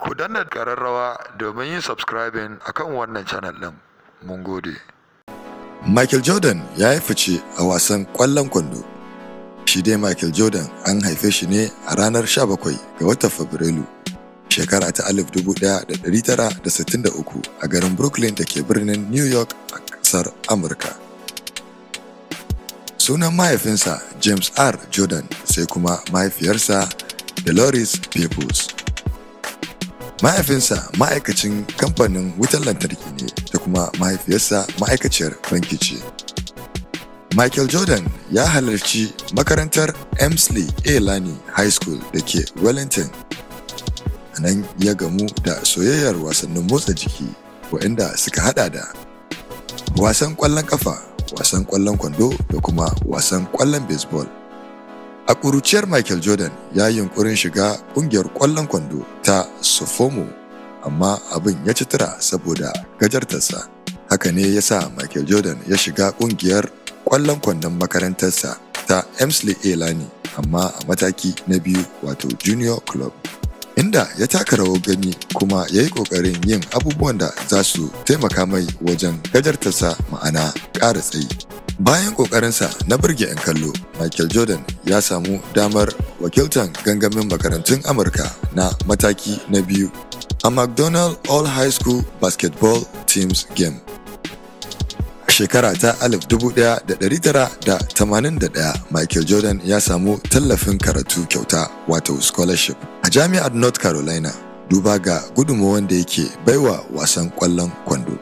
ku danna ƙararrawa domin yin subscribing a kan wannan channel ɗin mun gode Michael Jordan ya yi fice a wasan ƙwallon kwando shi dai Michael Jordan an haife shi ne a ranar 17 ga watan Fabrairu shekara ta 1963 a garin Brooklyn da ke birnin New York a ƙasar Amurka. Sunan mahaifinsa James R. Jordan sai kuma mahaifiyarsa Dolores Peoples. mahaifinsa ma'aikacin kamfanin wutar lantarki ne da kuma mahaifiyarsa ma'aikaciyar banki ce michael jordan ya halarci makarantar emsley lani high school da ke wellington nan ya gamu da soyayyar wasannin motsa jiki waɗanda suka hada da wasan ƙwallon ƙafa wasan ƙwallon kwando da kuma wasan ƙwallon baseball A ƙuruciyar Michael Jordan ya yi yunƙurin shiga ƙungiyar ƙwallon kwando ta Sofomo, amma abin ya ci tura saboda gajartarsa. Haka ne ya sa Michael Jordan ya shiga ƙungiyar ƙwallon kwandon makarantarsa ta Emsley Elani, amma a mataki na biyu wato Junior Club. Inda ya taka rawar gani kuma ya yi ƙoƙarin yin abubuwan da za su taimaka mai wajen gajartarsa ma'ana ƙara tsayi. Bayan ƙoƙarinsa na burge 'yan kallo, Michael Jordan ya samu damar wakiltan gangamin makarantun Amurka na mataki na biyu a McDonald All High School Basketball Teams Game. shekara ta 1981 Michael Jordan ya samu tallafin karatu kyauta wato scholarship a jami'ar North Carolina duba ga gudunmawar da yake baiwa wasan kwallon kwando.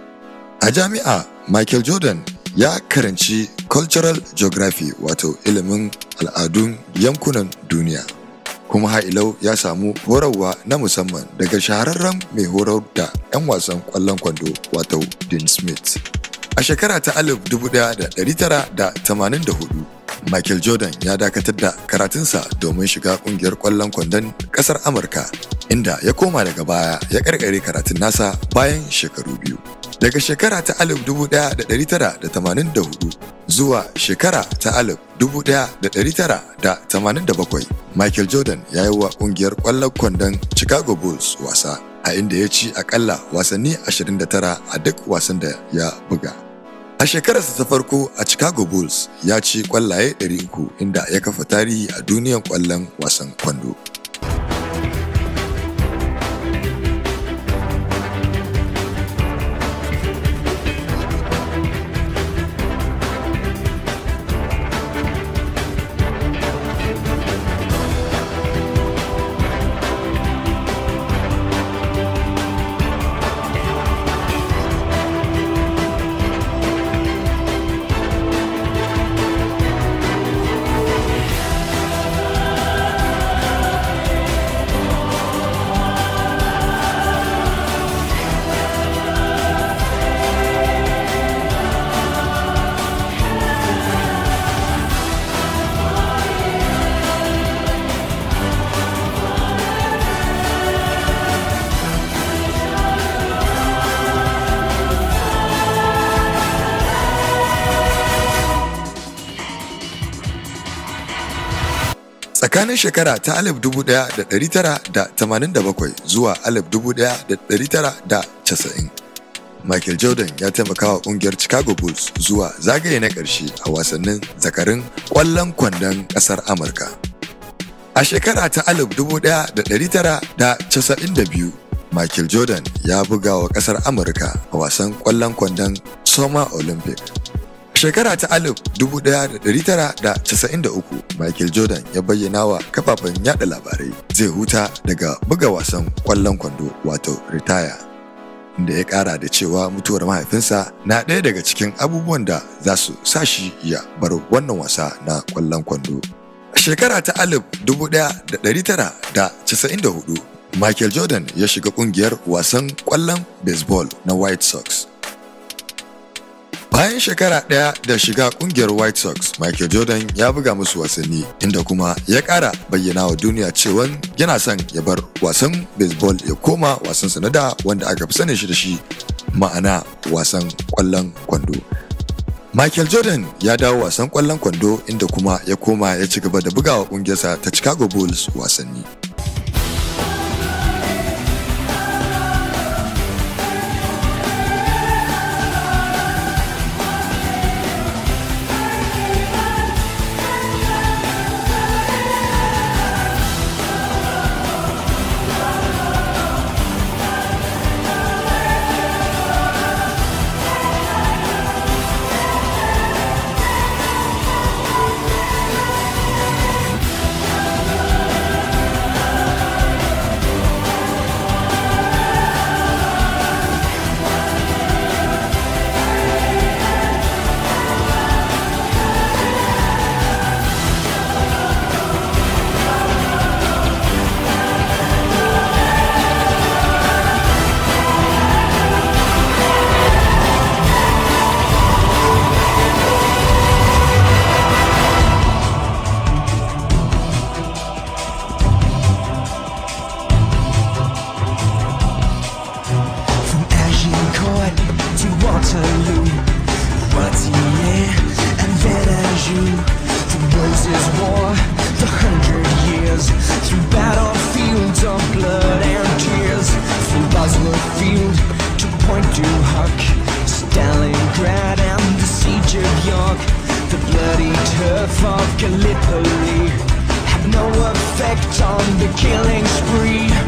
A jami'a Michael Jordan ya karanci cultural geography wato ilimin al'adun yankunan duniya kuma ha'ilau ya samu horarwa na musamman daga shahararren mai horar da 'yan wasan kwallon kwando wato dean smith a shekara ta 1984 Michael Jordan ya dakatar da karatunsa domin shiga kungiyar kwallon kwandon kasar Amurka inda ya koma daga baya ya karkare karatun nasa bayan shekaru biyu. Daga shekara ta 1984 zuwa shekara ta 1987 Michael Jordan ya yi wa kungiyar kwallon kwandon Chicago Bulls wasa a inda ya ci akalla wasanni 29 a duk wasan da ya buga. A shekararsa ta farko a Chicago Bulls ya ci kwallaye uku inda ya kafa tarihi a duniyar kwallon wasan kwando. tsakanin shekara ta 1987 zuwa 1990 michael jordan ya taimaka wa kungiyar chicago bulls zuwa zagaye na ƙarshe a wasannin zakarin ƙwallon kwandon ƙasar amurka a shekara ta 1992 michael jordan ya buga wa ƙasar amurka a wasan ƙwallon kwandon summer olympic Shekara ta 1993 Michael Jordan ya bayyana wa kafafen yada labarai zai huta daga buga wasan kwallon kwando wato ritaya. Da ya kara da cewa mutuwar mahaifinsa na ɗaya daga cikin abubuwan da za su sa shi ya bar wannan wasa na kwallon kwando. Shekara ta 1994 Michael Jordan ya shiga kungiyar wasan kwallon baseball na White Sox. Bayan shekara ɗaya da shiga ƙungiyar White Sox, Michael Jordan ya buga musu wasanni inda kuma ya ƙara bayyana wa duniya cewa yana son ya bar wasan baseball ya koma wasan sanada wanda aka fi sanin shi da shi ma'ana wasan ƙwallon kwando. Michael Jordan ya dawo wasan kwallon kwando inda kuma ya koma ya ci gaba da bugawa ƙungiyarsa ta Chicago Bulls wasanni. is war, the hundred years Through battlefields of blood and tears From Bosworth Field to Point du Hoc Stalingrad and the Siege of York The bloody turf of Gallipoli have no effect on the killing spree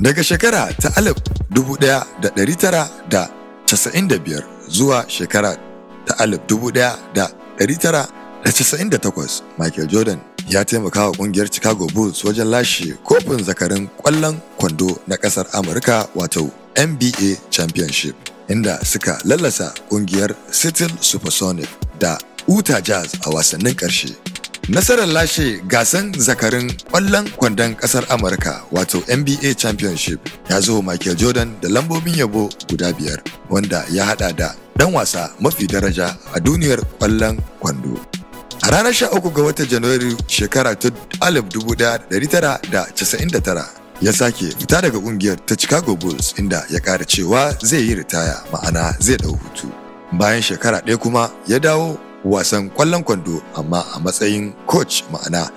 Daga shekara ta 1995 zuwa shekara ta 1998 Michael Jordan ya taimaka wa kungiyar Chicago Bulls wajen lashe kofin zakarin kwallon kwando na kasar Amurka wato NBA Championship inda suka lallasa kungiyar Seattle Supersonic da Utah Jazz a wasannin ƙarshe. nasarar lashe gasan zakarin ƙwallon kwandon ƙasar amurka wato nba championship ya zo michael jordan da lambobin yabo guda biyar wanda ya hada da dan wasa mafi daraja a duniyar ƙwallon kwando a ranar 13 ga watan janairu shekara ta 1999 ya sake fita daga kungiyar ta chicago bulls inda ya ƙara cewa zai yi ritaya ma'ana zai ɗau hutu bayan shekara ɗaya kuma ya dawo wasan kwallon kwando amma a matsayin coach ma'ana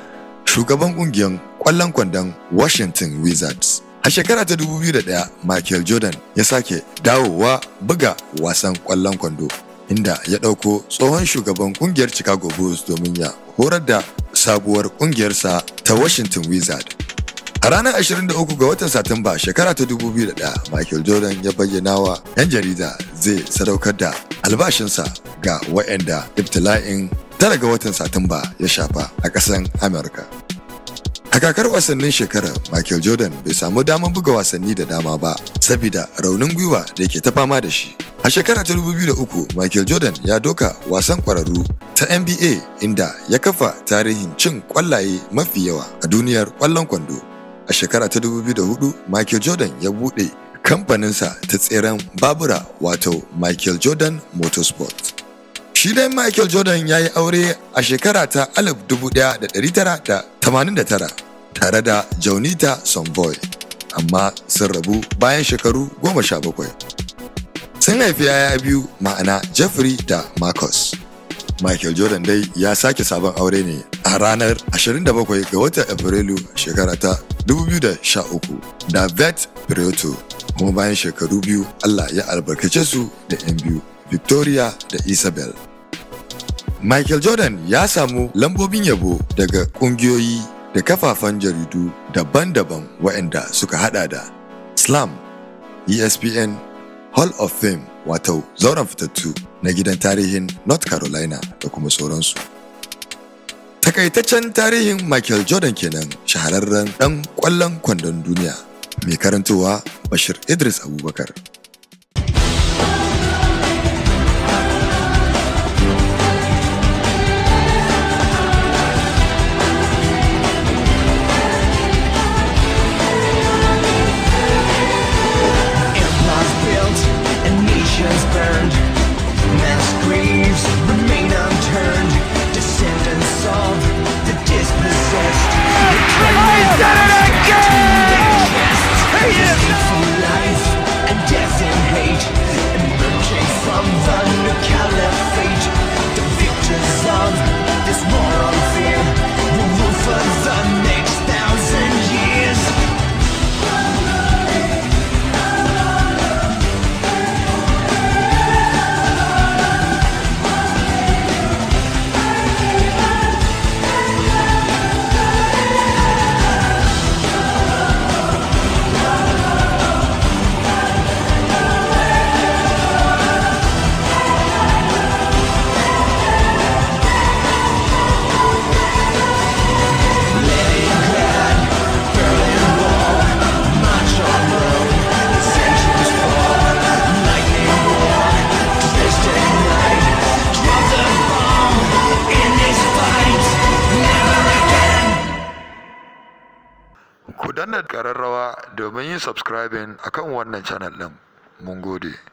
shugaban kungiyar kwallon kwandon Washington Wizards. A shekara ta 2001 Michael Jordan ya sake dawowa buga wasan kwallon kwando inda ya dauko tsohon shugaban kungiyar Chicago Bulls domin ya horar da sabuwar kungiyarsa ta Washington Wizards. A ranar 23 ga watan Satumba shekara ta 2001, Michael Jordan ya bayyana wa 'yan jarida zai sadaukar da albashinsa ga waɗanda ibtila'in tara ga watan satumba ya shafa a ƙasar amurka a kakar wasannin shekarar michael jordan bai samu damar buga wasanni da dama ba saboda raunin gwiwa da yake ta fama da shi a shekara ta 2003 michael jordan ya doka wasan kwararru ta nba inda ya kafa tarihin cin kwallaye mafi yawa a duniyar kwallon kwando a shekara ta 2004 michael jordan ya buɗe kamfaninsa ta tseren babura wato Michael Jordan Motorsport. Shi dai Michael Jordan ya yi aure a shekara ta 1989 tare da Jaunita Sonboy, amma sun rabu bayan shekaru 17. Sun haifi yaya biyu ma'ana Jeffrey da Marcus. Michael Jordan dai ya sake sabon aure ne a ranar 27 ga watan Afrilu shekara ta 2013 da Vet kuma bayan shekaru biyu Allah ya albarkace su da 'yan biyu Victoria da Isabel. Michael Jordan ya samu lambobin yabo daga kungiyoyi da kafafen jaridu daban-daban waɗanda suka hada da Slam, ESPN, Hall of Fame wato zauren fitattu na gidan tarihin North Carolina da kuma sauransu. Takaitaccen tarihin Michael Jordan kenan shahararren ɗan ƙwallon kwandon duniya. mai karantowa Bashir Idris Abubakar. subscribing akan wannan channel din mun gode